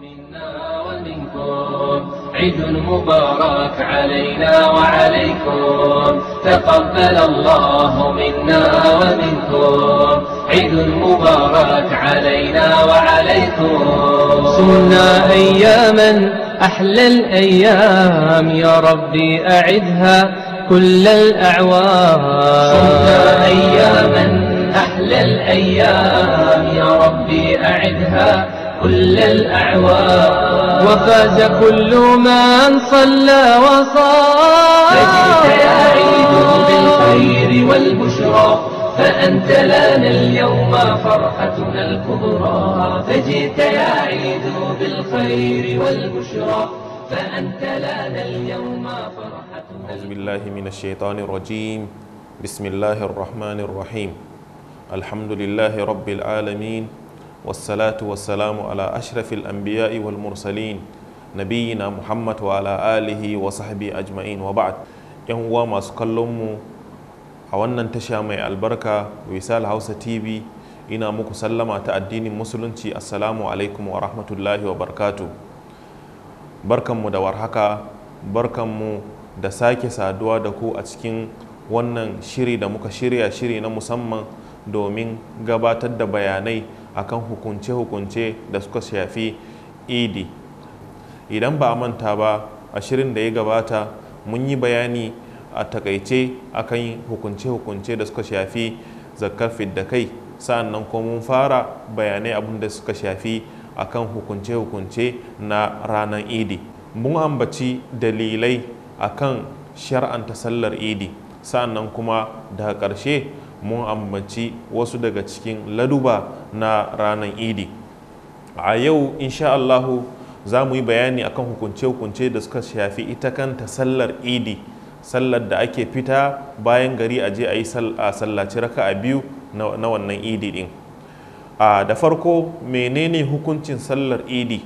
منا ومنكم عيد مبارك علينا وعليكم تقبل الله منا ومنكم عيد مبارك علينا وعليكم صمنا أياما أحلى الأيام يا ربي أعدها كل الأعوام صمنا أياما أحلى الأيام يا ربي أعدها كل الأعوام وفاز كل من صلى وصام فجئت يا عيد بالخير والبشرى فأنت لنا اليوم فرحتنا الكبرى فجئت يا عيد بالخير والبشرى فأنت لنا اليوم فرحتنا الكبرى أعوذ بالله من الشيطان الرجيم بسم الله الرحمن الرحيم الحمد لله رب العالمين والصلاة والسلام على أشرف الأنبياء والمرسلين نبينا محمد وعلى آله وصحبه أجمعين وبعد ينوى ما سكلمه a wannan tasha mai albarka wisal hausa tv ina muku sallama ta addinin musulunci assalamu alaikum wa rahmatullahi wa barkatu barkanmu da warhaka barkanmu da sake saduwa da ku a cikin wannan shiri da muka shirya shiri na musamman domin gabatar da bayanai akan hukunce-hukunce da suka shafi idi idan ba manta ba a shirin da ya gabata mun yi bayani a takaice akan hukunce-hukunce da suka shafi zakar fidda kai sa'annan kuma mun fara bayanai abin da suka shafi akan hukunce-hukunce na ranar idi mun ambaci dalilai akan shar'anta sallar idi sa'annan kuma daga ƙarshe mun ambaci wasu daga cikin laduba na ranar idi a yau insha Allahu za mu yi bayani akan hukunce-hukunce da suka shafi ita kanta sallar idi sallar da ake fita bayan gari a je a yi sallaci raka a biyu na wannan idi din a da farko menene hukuncin sallar idi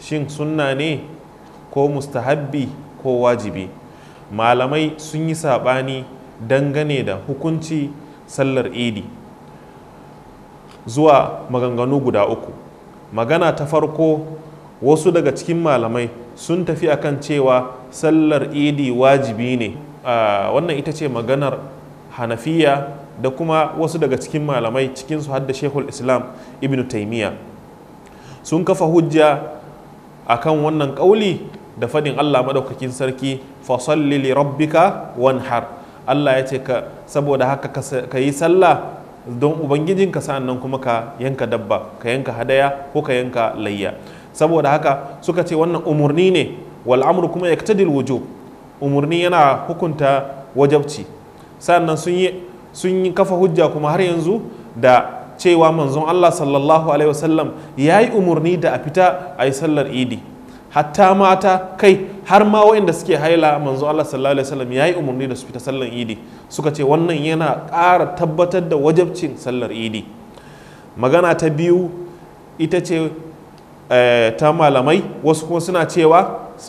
shin sunna ne ko mustahabbi ko wajibi malamai sun yi saɓani dangane da hukunci sallar idi zuwa maganganu guda uku magana ta farko wasu daga cikin malamai sun tafi akan cewa sallar idi wajibi ne wannan ita ce maganar hanafiya da kuma wasu daga cikin malamai cikinsu hadda shekul islam ibn taimiyya sun kafa hujja akan wannan ƙauli da faɗin allah maɗaukakin sarki fasalli rabbika wanhar Allah ya ce ka saboda haka ka yi sallah don ubangijinka sa'an nan kuma ka yanka dabba ka yanka hadaya ko ka yanka layya saboda haka suka ce wannan umurni ne wal amru kuma yaktadil wujub umurni yana hukunta wajabci sa'an sun yi sun yi kafa hujja kuma har yanzu da cewa manzon Allah sallallahu alaihi wasallam ya yi umurni da a fita a yi sallar idi hatta mata kai har ma waɗanda suke haila manzo Allah sallallahu alaihi wasallam yayi umarni da su fita sallar idi suka ce wannan yana ƙara tabbatar da wajabcin sallar idi magana ta biyu ita ce eh, ta malamai wasu kuma suna cewa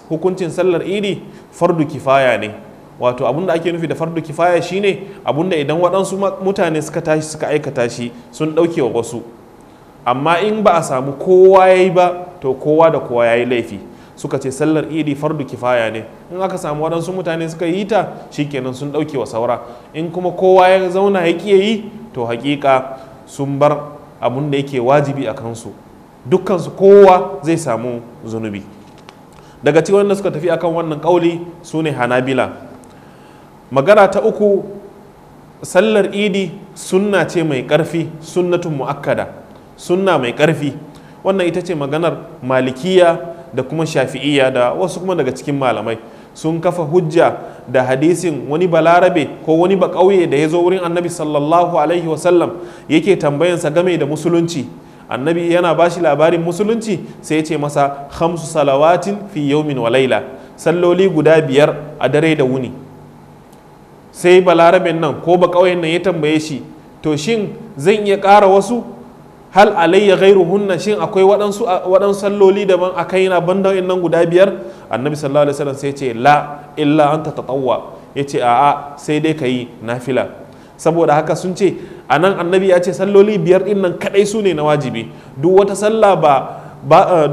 hukuncin sallar idi fardu kifaya ne wato abin da ake nufi da fardu kifaya shine abin da idan waɗansu mutane suka tashi suka aikata shi sun ɗauke wa wasu amma in ba a samu kowa ya yi ba to kowa da kowa ya yi laifi suka ce sallar idi fardu kifaya ne in aka samu waɗansu mutane suka yi ta shi kenan sun ɗauke wa saura in kuma kowa ya zauna ya ƙiye yi to hakika sun bar abun da yake wajibi a kansu dukkansu kowa zai samu zunubi daga cikin wanda suka tafi akan wannan kauli su ne hanabila magana ta uku sallar idi sunna ce mai ƙarfi sunnatun mu'akkada sunna mai ƙarfi wannan ita ce maganar malikiya da kuma shafi'iyya da wasu kuma daga cikin malamai sun kafa hujja da hadisin wani balarabe ko wani bakauye da ya zo wurin annabi sallallahu alaihi wasallam yake tambayansa game da musulunci annabi yana ba shi labarin musulunci sai ya ce masa hamsu salawatin fi yaumin wa salloli guda biyar a dare da wuni sai balaraben nan ko bakauyen nan ya tambaye shi to shin zan iya ƙara wasu hal alayya hunna shin akwai waɗansu waɗansu salloli daban a kaina bandan nan guda biyar annabi sallallahu alaihi wasallam sai ce la illa anta tatawwa yace a'a sai dai kayi nafila saboda haka sun ce a nan annabi ya ce salloli biyar din nan kadai su ne na wajibi duk wata sallah ba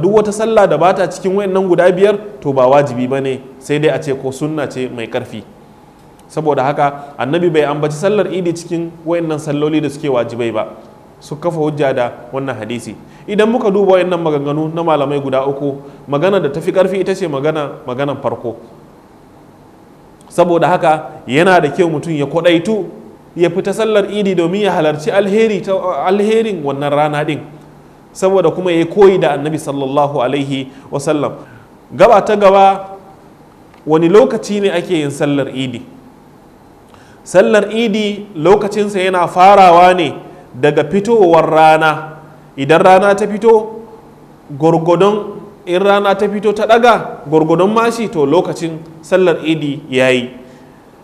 duk wata sallah da bata cikin wayannan guda biyar to ba wajibi bane sai dai a ce ko sunna ce mai karfi saboda haka annabi bai ambaci sallar idi cikin wayannan salloli da suke wajibai ba su kafa hujja da wannan hadisi idan muka duba wayannan maganganu na malamai guda uku magana da tafi karfi ita ce magana maganan farko saboda haka yana da kyau mutum ya kwadaitu ya fita sallar idi domin ya halarci alheri alherin wannan rana din saboda kuma ya koyi da annabi sallallahu alaihi wasallam gaba ta gaba wani lokaci ne ake yin sallar idi sallar idi lokacinsa yana farawa ne daga fitowar rana idan rana ta fito gwargwadon in rana ta fito ta daga gwargwadon mashi to lokacin sallar idi ya yi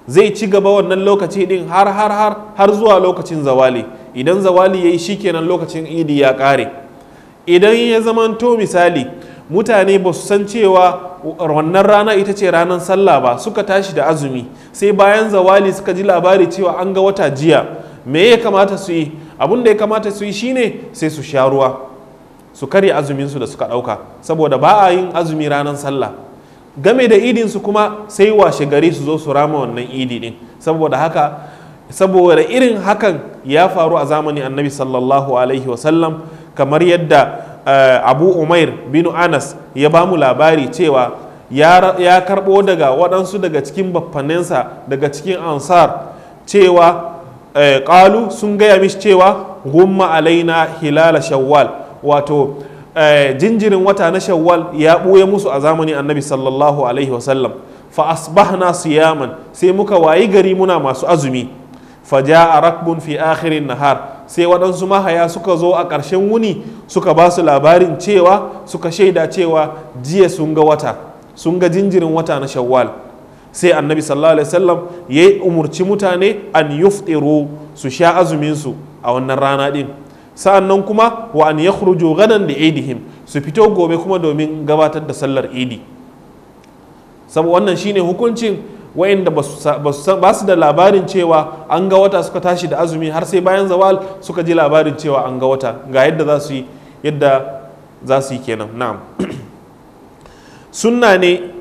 zai ci gaba wannan lokaci din har har har har zuwa lokacin zawali idan zawali ya yi shikenan lokacin idi ya kare idan ya zamanto misali mutane ba su san cewa wannan rana ita ce ranar sallah ba suka tashi da azumi sai bayan zawali suka ji labari cewa an ga wata jiya me ya kamata su yi abin da ya kamata su yi shine sai su sha ruwa su karya azumin su da suka ɗauka saboda ba a yin azumi ranar sallah game da idin su kuma sai washe gari su zo su rama wannan idi din saboda haka saboda irin hakan ya faru a zamani annabi sallallahu alaihi wasallam kamar yadda eh, abu umair binu anas ya ba mu labari cewa ya karbo daga waɗansu daga cikin baffanensa daga cikin ansar cewa Ƙalu eh, sun gaya mishi cewa gumma alaina hilala shawwal wato eh, jinjirin wata na shawwal ya ɓoye musu a zamani annabi sallallahu alaihi wasallam fa asbahna siyaman sai muka wayi gari muna masu azumi fa ja'a rakbun fi akhirin nahar sai waɗansu mahaya suka zo a ƙarshen wuni suka ba su labarin cewa suka shaida cewa jiya sun ga wata sun ga jinjirin wata na shawwal sai annabi sallallahu alaihi wasallam ya umurci mutane an yuftiru su sha azuminsu a wannan rana din sa'annan kuma wa an yakhruju gadan da idihim su fito gobe kuma domin gabatar da sallar idi saboda wannan shine hukuncin wa'inda ba su da labarin cewa an ga wata suka tashi da azumi har sai bayan zawal suka ji labarin cewa an ga wata ga yadda za su yi yadda za su yi kenan na'am sunna ne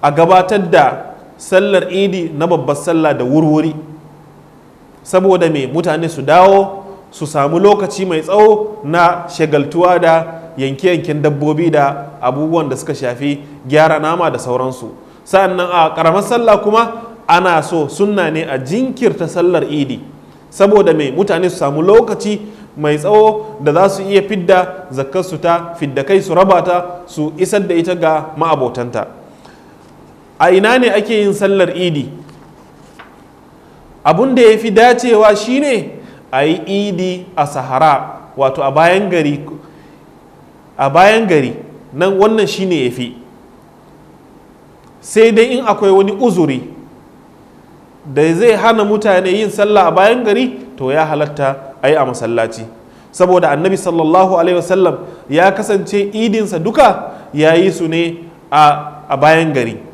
a gabatar da sallar idi na babbar sallah da wurwuri saboda mai mutane su dawo su samu lokaci mai tsawo na shagaltuwa da yanke-yanken dabbobi da abubuwan da suka shafi gyara nama da sauransu sa'annan a ƙaramar sallah kuma ana so sunna ne a jinkirta sallar idi saboda mai mutane su samu lokaci mai tsawo da za su iya fidda zakkarsu ta fidda kai su rabata su isar da ita ga ma'abotanta a ina ne ake yin sallar idi abun da ya fi dacewa shine a yi idi a sahara wato a bayan gari nan wannan shine ya fi sai dai in akwai wani uzuri da zai hana mutane yin sallah a bayan gari to ya halatta a yi a masallaci saboda annabi sallallahu alaihi wasallam ya kasance idinsa duka ya yi su ne a bayan gari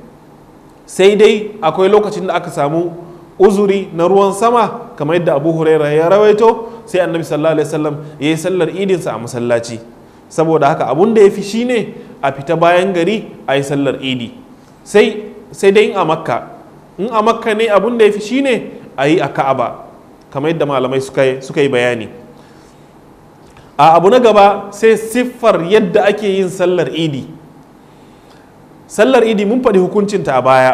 sai dai akwai lokacin da aka samu uzuri na ruwan sama kamar yadda abu huraira ya rawaito sai annabi sallallahu alaihi wasallam ya yi sallar idinsa a masallaci saboda haka abun da ya fi shine a fita bayan gari a yi sallar idi sai sai dai in a makka in a makka ne abun da ya fi shine a yi a ka'aba kamar yadda malamai suka yi bayani a abu na gaba sai siffar yadda ake yin sallar idi sallar idi mun faɗi hukuncinta a baya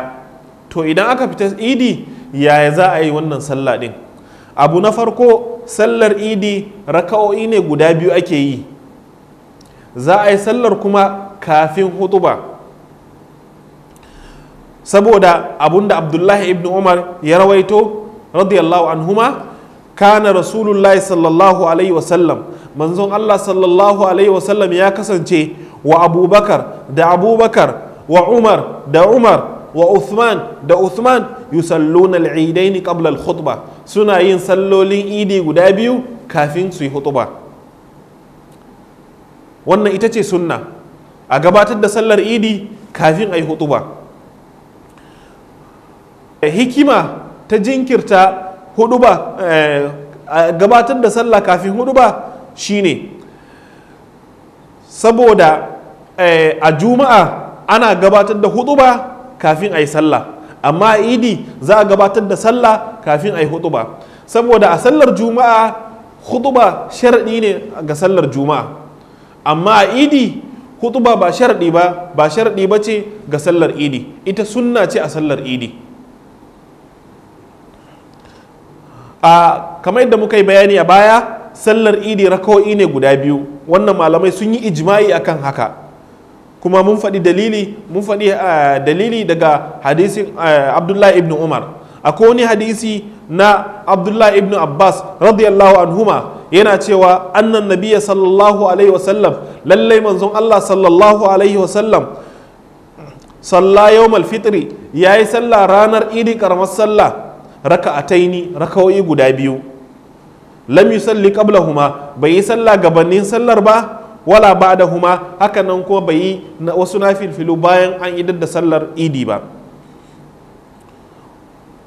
to idan aka fita idi yaya za a yi wannan sallah ɗin abu na farko sallar idi raka'o'i ne guda biyu ake yi za a yi sallar kuma kafin hutuba saboda abun da abdullahi ibn umar ya rawaito radiyallahu anhuma kana rasulullahi sallallahu alaihi wasallam manzon allah sallallahu alaihi wasallam ya kasance wa abubakar da abubakar wa umar da umar wa uthman da uthman yusalluna al-eidaini qabla khutba suna yin sallolin idi guda biyu kafin su yi hutuba wannan ita ce sunna a gabatar da sallar idi kafin a yi hutuba hikima ta jinkirta huduba eh, gabatar da sallah kafin huduba shine saboda eh, a juma'a ana gabatar da hutuba kafin a yi sallah amma a idi za a gabatar da sallah kafin a yi hutuba saboda a sallar juma'a hutuba sharaɗi ne ga sallar juma'a amma a idi hutuba ba sharaɗi ba ba sharaɗi ba ce ga sallar idi ita sunna ce a sallar idi a kamar yadda muka yi bayani a baya sallar idi rakawai ne guda biyu wannan malamai sun yi ijma'i akan haka kuma mun faɗi dalili mun faɗi dalili daga hadisin abdullahi ibn umar akwai wani hadisi na abdullahi ibn abbas radiyallahu anhuma yana cewa annan nabiya sallallahu alaihi wasallam lallai manzon allah sallallahu alaihi wasallam salla yau fitri ya yi sallah ranar idi karamar sallah raka'ataini raka'o'i guda biyu lam yusalli huma bai yi sallah gabanin sallar ba wala ba da huma haka nan ko bai yi wasu na filfilu bayan an idar da sallar idi ba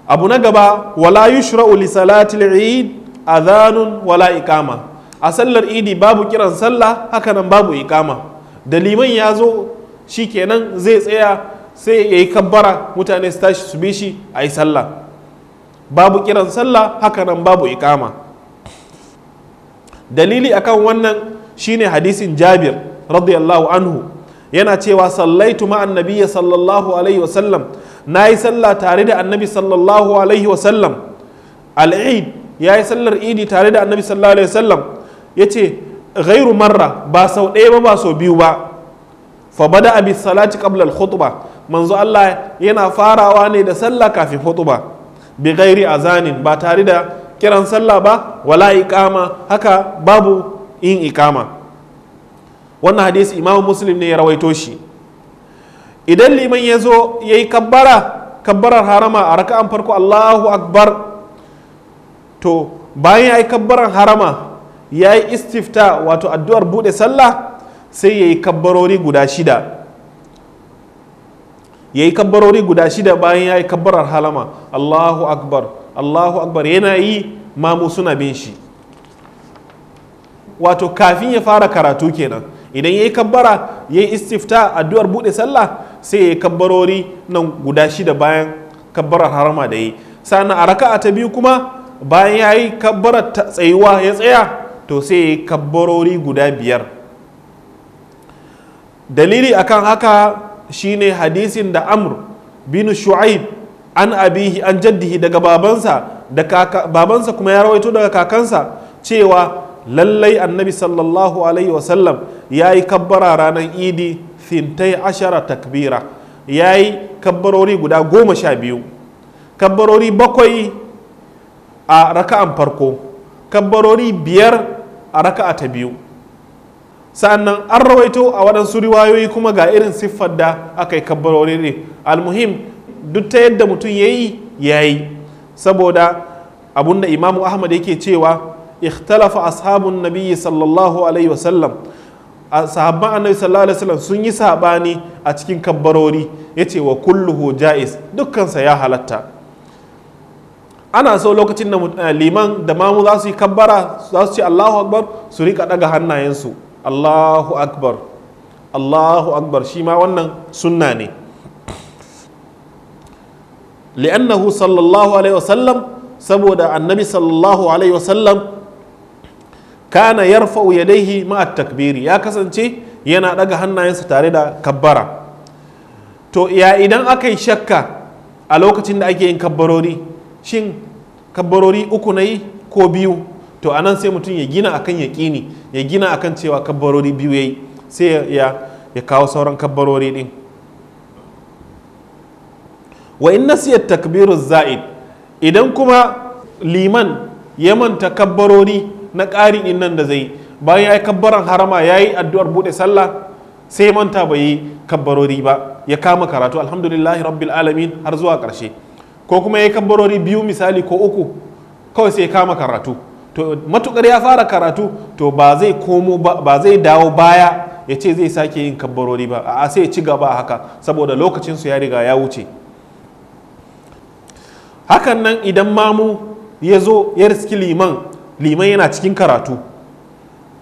abu na gaba wala yi li salatil eid zanun wala ikama a sallar idi babu kiran sallah haka nan babu ikama da liman ya zo shi kenan zai tsaya sai ya yi kabbara mutane su tashi su bi shi a yi sallah babu kiran sallah haka nan babu ikama dalili akan wannan shine hadisin jabir radiyallahu anhu yana cewa sallaitu ma'an sallallahu alaihi wasallam na yi sallah tare da annabi sallallahu alaihi wasallam al'id ya yi sallar idi tare da annabi sallallahu alaihi wasallam ya ce gairu marra ba sau ɗaya ba ba sau biyu ba fa bada abi salati qabla al khutba manzo Allah yana farawa ne da sallah kafin khutba bi ghairi azanin ba tare da kiran sallah ba wala iqama haka babu yin ikama wannan hadisi imamu muslim ne ya rawaito shi idan liman ya zo ya yi kabbara kabbarar harama a raka'an farko allahu akbar to bayan ya yi kabbarar harama ya yi istifta wato addu'ar buɗe sallah sai ya yi kabbarori guda shida ya yi kabbarori guda shida bayan ya yi kabbarar harama allahu akbar allahu akbar yana yi mamu suna bin shi wato kafin ya fara karatu kenan idan ya yi kabbara ya yi istifta addu'ar buɗe sallah sai ya yi kabbarori nan guda shida bayan kabbarar harama da yi sannan a raka'a ta biyu kuma bayan ya yi kabbarar tsayuwa ya tsaya to sai ya yi kabbarori guda biyar dalili akan haka shine hadisin da amr bin shu'aib an abihi an jaddihi daga babansa kuma ya rawaito daga kakansa cewa lallai annabi sallallahu alaihi wasallam ya yi kabbara ranar idi fintai ashara takbira ya yi kabbarori guda goma sha biyu kabbarori bakwai a raka'an farko kabbarori biyar a raka'a ta biyu sa'annan an rawaito a waɗansu riwayoyi kuma ga irin siffar da aka yi kabbarori ne almuhim duk ta yadda mutum ya yi ya yi saboda abunda imamu ahmad yake cewa ikhtalafa ashabun nabiyyi sallallahu alaihi wasallam sahabban annabi sallallahu alaihi wasallam sun yi saɓani a cikin kabbarori yace wa kulluhu jaiz dukkansa ya halatta ana so lokacin da liman da mamu za su yi kabbara za su ce Allahu akbar su rika daga hannayensu Allahu akbar Allahu akbar shi ma wannan sunna ne sallallahu alaihi saboda annabi sallallahu alaihi wasallam kana yarfa'u yadaihi ma'a takbiri ya kasance yana daga hannayensa tare da kabbara to ya idan aka yi shakka a lokacin da ake yin kabbarori shin kabbarori uku na yi ko biyu to a nan sai mutum ya gina akan yakini ya gina akan cewa kabbarori biyu ya yi sai ya kawo sauran kabbarori din wa in nasiyar takbirin za'id idan kuma liman ya manta kabbarori na ƙari in nan da zai bayan ya yi kabbaran harama ya yi addu'ar buɗe sallah sai manta bai yi kabbarori ba ya kama karatu alhamdulillahi rabbil alamin har zuwa ƙarshe ko kuma ya yi kabbarori biyu misali ko uku kawai sai ya kama karatu to matukar ya fara karatu to ba zai komo ba zai dawo baya ya ce zai sake yin kabbarori ba a sai ya ci gaba haka saboda lokacin su ya riga ya wuce hakan nan idan mamu ya zo ya riski liman liman yana cikin karatu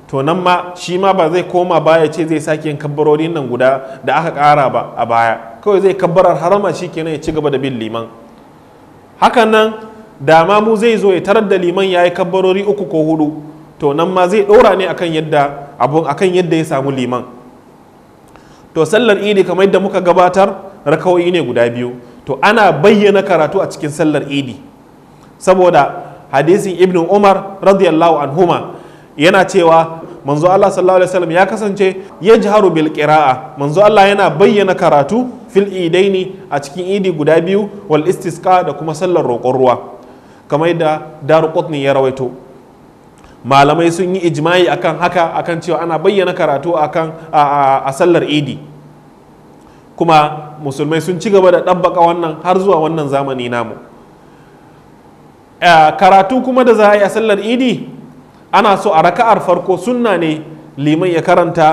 to nan ma shi ma ba zai koma baya ce zai sake yin kabbarorin nan guda da aka kara ba a baya kawai zai kabbarar harama shi kenan ya ci gaba da bin liman hakan nan da ma mu zai zo ya tarar da liman ya yi kabbarori uku ko hudu to nan ma zai ɗora ne akan yadda abun akan yadda ya samu liman to sallar idi kamar yadda muka gabatar rakawoyi ne guda biyu to ana bayyana karatu a cikin sallar idi saboda hadisin ibnu umar radiyallahu anhuma yana cewa manzo Allah sallallahu alaihi wasallam ya kasance ya jaharu bil qira'a manzo Allah yana bayyana karatu fil idaini a cikin idi guda biyu wal istisqa da kuma sallar roƙon ruwa kamar yadda daruqutni ya rawaito malamai sun yi ijma'i akan haka akan cewa ana bayyana karatu akan a sallar idi kuma musulmai sun ci gaba da ɗabbaƙa wannan har zuwa wannan zamani namu Eh, karatu kuma da za a yi a sallar idi ana so a raka'ar farko sunna ne liman ya karanta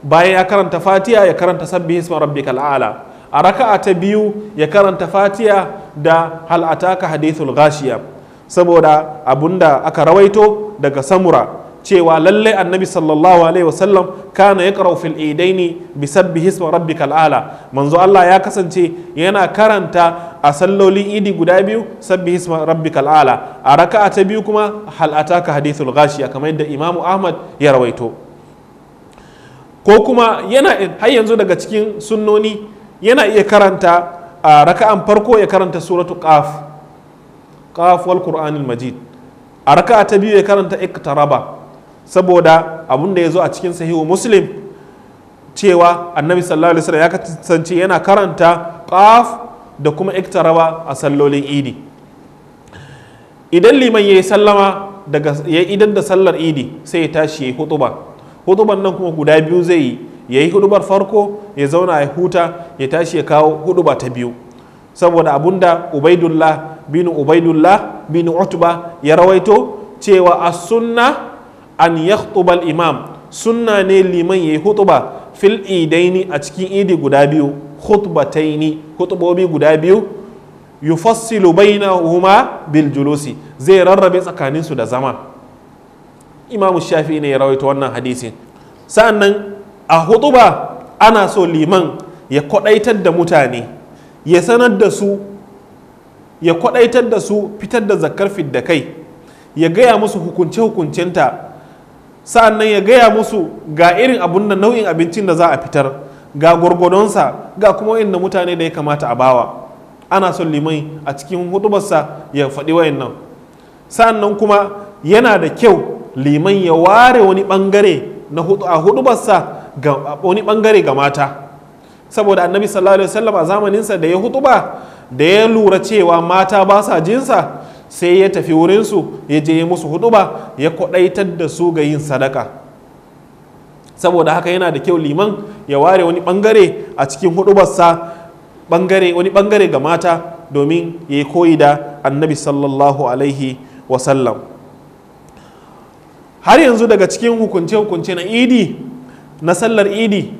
bayan ya karanta fatiya ya karanta sabbi hisma rabbikal a'la a raka'a ta biyu ya karanta fatiya da hal'ataka ka hadithul ghashiya saboda abunda aka rawaito daga samura cewa lallai annabi sallallahu alaihi wasallam kana yaqra'u fil idaini bi sabbi hisma rabbikal ala manzo Allah ya kasance yana karanta a salloli idi guda biyu sabbi hisma rabbikal ala a raka'a ta biyu kuma hal ataka hadithul ghashiya kamar yadda imamu ahmad ya rawaito ko kuma yana har yanzu daga cikin sunnoni yana iya karanta a raka'an farko ya karanta suratu qaf qaf wal qur'anil majid a raka'a ta biyu ya karanta iktaraba saboda abunda ya zo a cikin sahihu muslim cewa annabi sallallahu alaihi wasallam ya kasance yana karanta qaf da kuma iktaraba a sallolin idi idan liman ya yi sallama daga ya idan da sallar idi sai ya tashi ya yi hutuba hutuban nan kuma guda biyu zai yi ya yi hudubar farko ya zauna ya huta ya tashi ya kawo huduba ta biyu saboda abunda ubaidullah bin ubaidullah bin utba ya rawaito cewa as-sunnah an yakhutubal imam sunna ne liman yayi hutuba fil idaini a cikin idi guda biyu khutbataini hutubobi guda biyu yufassilu bainahuma bil julusi zai rarrabe tsakanin su da zama imam shafi ne ya rawaito wannan hadisi sa'annan a hutuba ana so liman ya kwadaitar da mutane ya sanar da su ya kwadaitar da su fitar da zakar fidda kai ya gaya musu hukunce-hukuncenta sa'an nan ya gaya musu ga irin abun da nau'in abincin da za a fitar ga gwargwadonsa ga kuma wayannan mutane da ya kamata a bawa ana son limai a cikin hudubarsa ya faɗi wayannan sa'an nan kuma yana da kyau liman ya ware wani bangare na hudu hudubarsa ga wani bangare ga mata saboda annabi sallallahu alaihi wasallam a zamaninsa da ya hutuba da ya lura cewa mata ba sa jinsa sai ya tafi wurinsu ya je ya musu huduba ya kwaɗaitar da su ga yin sadaka saboda haka yana da kyau liman ya ware wani bangare a cikin hudubarsa bangare wani bangare ga mata domin ya yi koyi da annabi sallallahu alaihi wasallam har yanzu daga cikin hukunce-hukunce na idi na sallar idi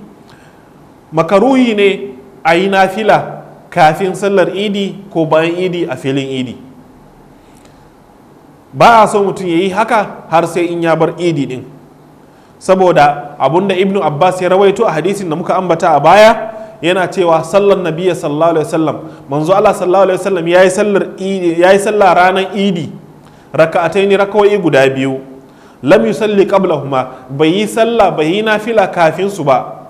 makaruhi ne a yi nafila kafin sallar idi ko bayan idi a filin idi ba a so mutum ya yi haka har sai in ya bar idi din saboda abunda ibnu abbas ya rawaito a hadisin da muka ambata a baya yana cewa sallar nabiya sallallahu alaihi wasallam manzo Allah sallallahu alaihi wasallam yi sallar idi yi sallar ranar idi ne rakawai guda biyu lam yusalli huma bai yi sallah bai yi nafila kafin su ba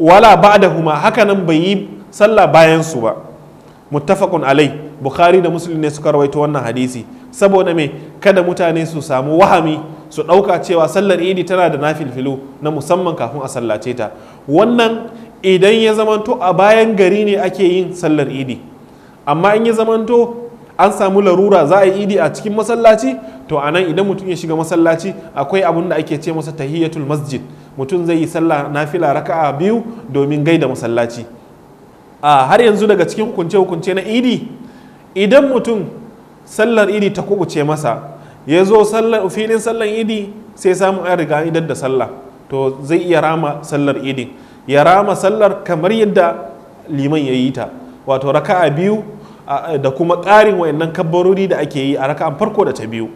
wala ba'dahuma haka nan bai yi sallah bayan su ba muttafaqun alai bukhari da muslim ne suka rawaito wannan hadisi saboda me kada mutane su samu wahami su ɗauka cewa sallar idi tana da nafilfilo na musamman kafin a sallace ta wannan idan ya zamanto a bayan gari ne ake yin sallar idi amma in ya zamanto an samu larura za a yi idi a cikin masallaci to a nan idan mutum ya shiga masallaci akwai abin da ake ce masa tahiyatul masjid mutum zai yi sallah nafila raka'a biyu domin gaida masallaci a har yanzu daga cikin hukunce hukunce na idi idan mutum sallar idi ta kubuce masa ya zo filin sallar idi sai samu an riga idan da sallah to zai iya rama sallar idi ya rama sallar kamar yadda liman ya yi ta wato raka'a biyu da kuma ƙarin wayannan kabbarori da ake yi a raka'an farko da ta biyu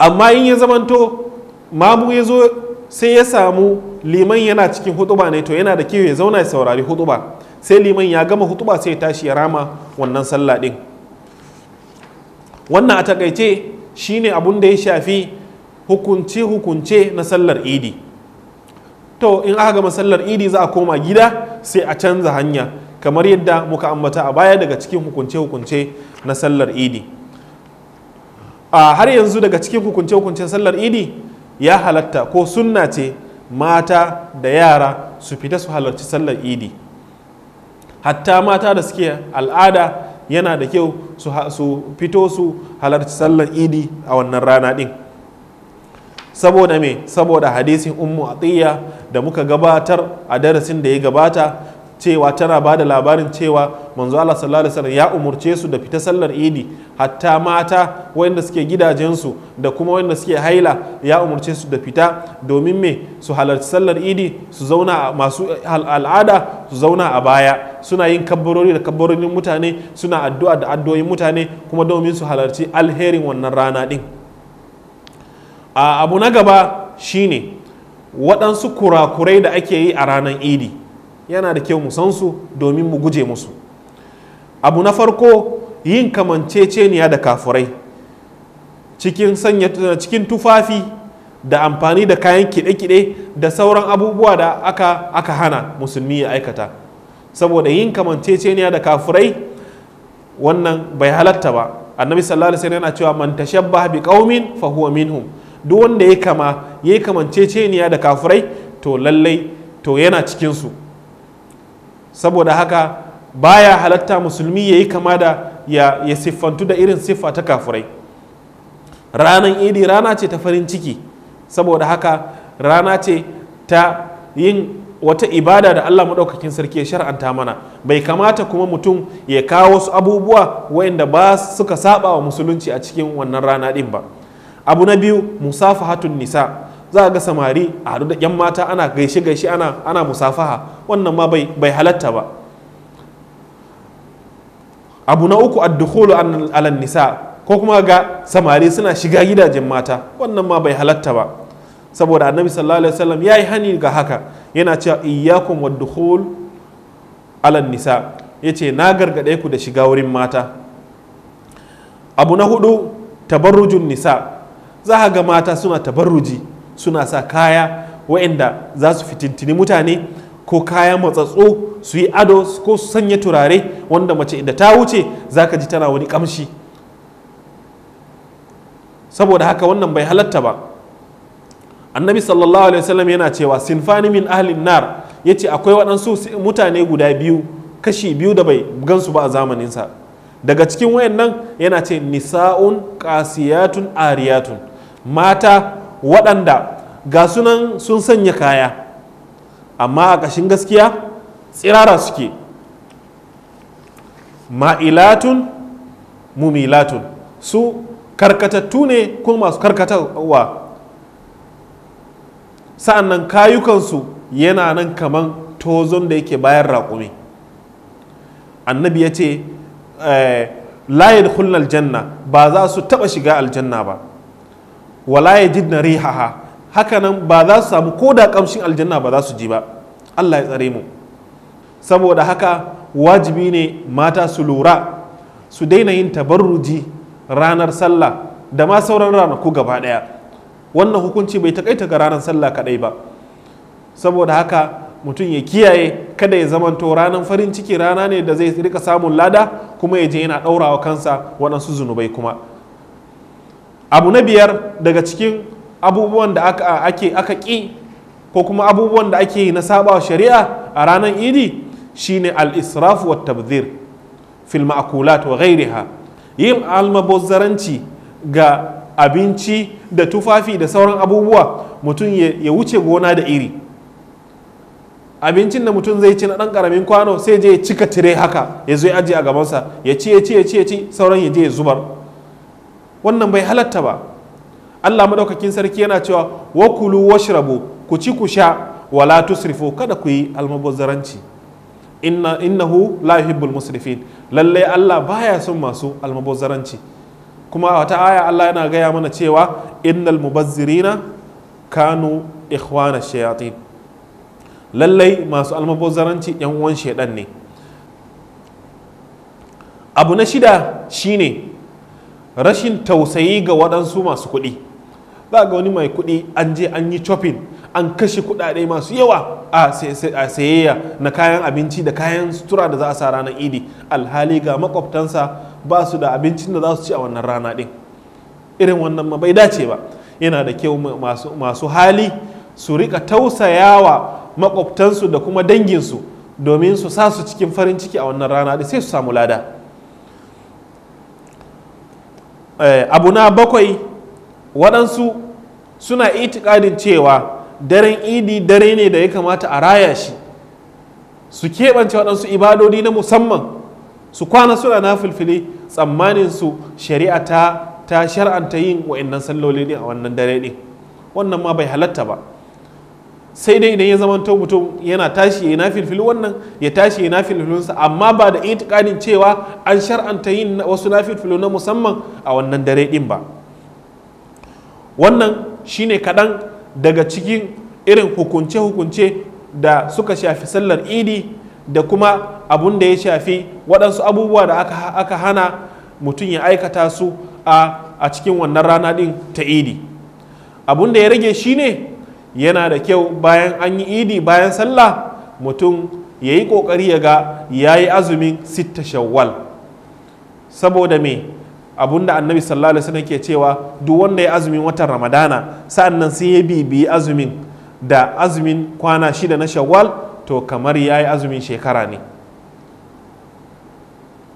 amma in ya zamanto mamu ya zo sai ya samu liman yana cikin hutuba ne to yana da kyau ya zauna ya saurari hutuba sai liman ya gama hutuba sai ya tashi ya rama wannan sallah din wannan a takaice shine abun da ya shafi hukunce hukunce na sallar idi to in aka gama sallar idi za a koma gida sai a canza hanya kamar yadda muka ambata a baya daga cikin hukunce hukunce na sallar idi a har yanzu daga cikin hukunce hukunce sallar idi ya halatta ko sunna ce mata da yara su fita su halarci sallar idi hatta mata da suke al'ada yana da kyau su fito su halarci sallar idi a wannan rana din saboda me saboda hadisin ummu da muka gabatar a darasin da ya gabata cewa tana ba da labarin cewa manzo Allah sallallahu alaihi ya umurce su da fita sallar idi hatta mata wanda suke gidajensu da kuma wanda suke haila ya umurce su da fita domin me su halarci sallar idi su zauna masu al'ada su zauna a baya suna yin kabbarori da kabbarorin mutane suna addu'a da addu'o'in mutane kuma domin su halarci alherin wannan rana din abu na gaba shine waɗansu kurakurai da ake yi a ranar idi yana da kyau mu san su domin mu guje musu abu na farko yin kamanceceniya da kafurai cikin sanya cikin tufafi da amfani da kayan kide-kide da sauran abubuwa da aka aka hana musulmi ya aikata saboda yin kamanceceniya da kafurai wannan bai halatta ba annabi sallallahu alaihi wasallam yana cewa man tashabba bi qaumin fa huwa minhum duk wanda ya kama ya kamanceceniya da kafurai to lallai to yana cikin su saboda haka baya halatta musulmi ya yi kama da ya siffantu da irin siffa ta kafurai ranar idi rana ce ta farin ciki saboda haka rana ce ta yin wata ibada da Allah maɗaukakin sarki ya shar'anta mana bai kamata kuma mutum ya kawo wasu abubuwa wayanda ba suka saba wa musulunci a cikin wannan rana ɗin ba abu na biyu musafahatun nisa za a ga samari a haɗu da 'yan mata ana gaishe gaishe ana, musafaha wannan ma bai, halatta ba abu na uku addukhulu alan nisa ko kuma ga samari suna shiga gidajen mata wannan ma bai halatta ba saboda annabi sallallahu alaihi wasallam yayi hani ga haka yana cewa iyakun waddukhul alan nisa yace na gargaɗe ku da shiga wurin mata abu na hudu tabarrujun nisa za ga mata suna tabarruji suna sa kaya wa'inda za su fitintini mutane ko kaya matsatso su yi ado ko su sanya turare wanda mace da ta wuce za ka ji tana wani kamshi saboda haka wannan bai halatta ba annabi sallallahu alaihi wasallam yana cewa sinfani min ahlin nar ya ce akwai waɗansu mutane guda biyu kashi biyu da bai gansu ba a zamaninsa daga cikin wayannan yana ce nisa'un ƙasiyatun ariyatun mata waɗanda ga sunan sun sanya kaya amma a ƙashin gaskiya tsirara suke ma'ilatun mumilatun su karkatattu ne kuma masu karkatarwa sa'an nan kayukansu yana nan kaman tozon da yake bayan raƙumi annabi ya ce eh, layin hulnar janna ba za su taɓa shiga aljanna ba wala ya na rihaha hakanan ba za su samu ko da kamshin aljanna ba za su ji ba Allah ya tsare mu saboda haka wajibi ne mata su lura su daina yin tabarruji ranar sallah da ma sauran ranaku gaba daya wannan hukunci bai takaita ga ranar sallah kadai ba saboda haka mutum ya kiyaye kada ya zamanto ranar farin ciki rana ne da zai rika samun lada kuma ya je yana ɗaurawa kansa waɗansu zunubai kuma abu na biyar daga cikin abubuwan da ake aka ƙi ko kuma abubuwan da ake na saba shari'a a ranar idi shine al-israf wa tabzir fil ma'kulat wa ghairiha yin almabozzaranci ga abinci da tufafi da sauran abubuwa mutum ya wuce gona da iri abincin da mutum zai ci na ɗan ƙaramin kwano sai je ya cika tire haka ya zo ya aji a gabansa ya ci ya ci ya ci sauran ya je ya zubar wannan bai halatta ba Allah maɗaukakin sarki yana cewa wa kulu washrabu ku ci ku sha wala tusrifu kada ku yi almubazzaranci inna innahu la yuhibbul musrifin lalle Allah baya son masu almubazzaranci kuma a wata aya Allah yana gaya mana cewa innal mubazzirina kanu ikhwana shayatin lallai masu almubazzaranci yan uwan shaidan ne abu na shida shine rashin tausayi ga waɗansu masu kuɗi za ga wani mai kuɗi an je an yi chopping an kashe kuɗaɗe masu yawa a sayayya na kayan abinci da kayan sutura da za a sa ranar idi alhali ga makwabtansa ba su da abincin da za su ci a wannan rana ɗin irin wannan ma bai dace ba yana da kyau masu hali su rika tausayawa makwabtansu da kuma danginsu domin su sa su cikin farin ciki a wannan rana ɗin sai su samu lada Eh, abu na bakwai waɗansu suna itikadin cewa daren idi dare ne da ya kamata a raya shi su keɓance waɗansu ibadodi na musamman su kwana suna na filfili tsammanin su shari'a ta shar'anta yin wa'annan salloli a wannan dare ne wannan ma bai halatta ba sai dai idan ya zama zamanto mutum yana tashi ya yi nafilfil wannan ya tashi ya yi sa amma ba da itikadin cewa an shar'anta yin wasu nafilfilu na musamman a wannan dare din ba wannan shine kaɗan daga cikin irin hukunce-hukunce da suka shafi sallar idi da kuma abun da ya shafi waɗansu abubuwa da aka, aka hana mutum ya aikata su a, a cikin wannan rana din ta idi abun da ya rage shine yana da kyau bayan an yi idi bayan sallah mutum ya yi ƙoƙari ya ga ya yi azumin sitta shawwal saboda me abunda annabi sallallahu alaihi wasallam ke cewa duk wanda ya azumin watan ramadana sannan sai ya bibiyi azumin da azumin kwana shida na shawwal to kamar ya yi azumin shekara ne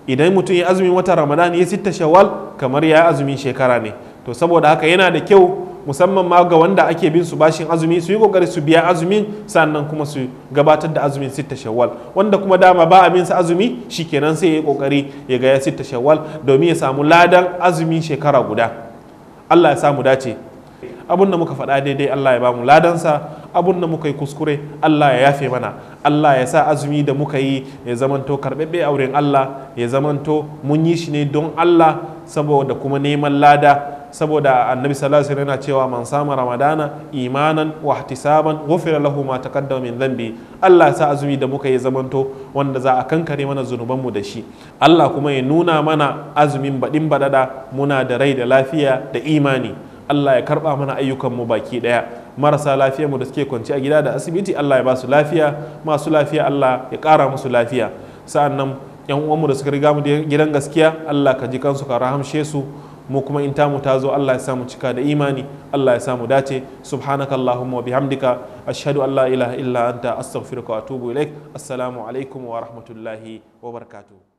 idan mutum ya azumin watan ramadana ya sitta shawwal kamar ya yi azumin shekara ne to saboda haka yana da kyau musamman ma ga wanda ake bin su bashin azumi su yi kokari su biya azumi sannan kuma su gabatar da azumin sitta shawwal wanda kuma dama ba a bin sa azumi shi shikenan sai ya yi kokari ya ga ya sitta shawwal domin ya samu ladan azumi shekara guda Allah ya samu dace abun da muka faɗa daidai Allah ya bamu ladan sa abun da muka yi kuskure Allah ya yafe mana Allah ya sa azumi da muka yi ya zamanto karɓaɓɓe auren Allah ya zamanto mun yi shi ne don Allah saboda kuma neman lada saboda annabi sallallahu alaihi yana cewa man sama ramadana imanan wa ihtisaban ghufira lahu ma taqaddama min dhanbi Allah sa azumi da muka yi zamanto wanda za a kankare mana zunubanmu da shi Allah kuma ya nuna mana azumin badin badada muna da rai da lafiya da imani Allah ya karba mana ayyukan mu baki ɗaya marasa lafiya mu da suke kwanci a gida da asibiti Allah ya basu su lafiya masu lafiya Allah ya kara musu lafiya sa'annan yan uwanmu da suka riga mu gidan gaskiya Allah ka ji kansu ka rahamshe su mu kuma in tamu ta zo Allah ya samu cika da imani Allah ya samu dace subhanaka allahumma wa bihamdika ashhadu an la ilaha illa anta astaghfiruka wa atubu ilaik assalamu alaikum wa rahmatullahi wa barakatuh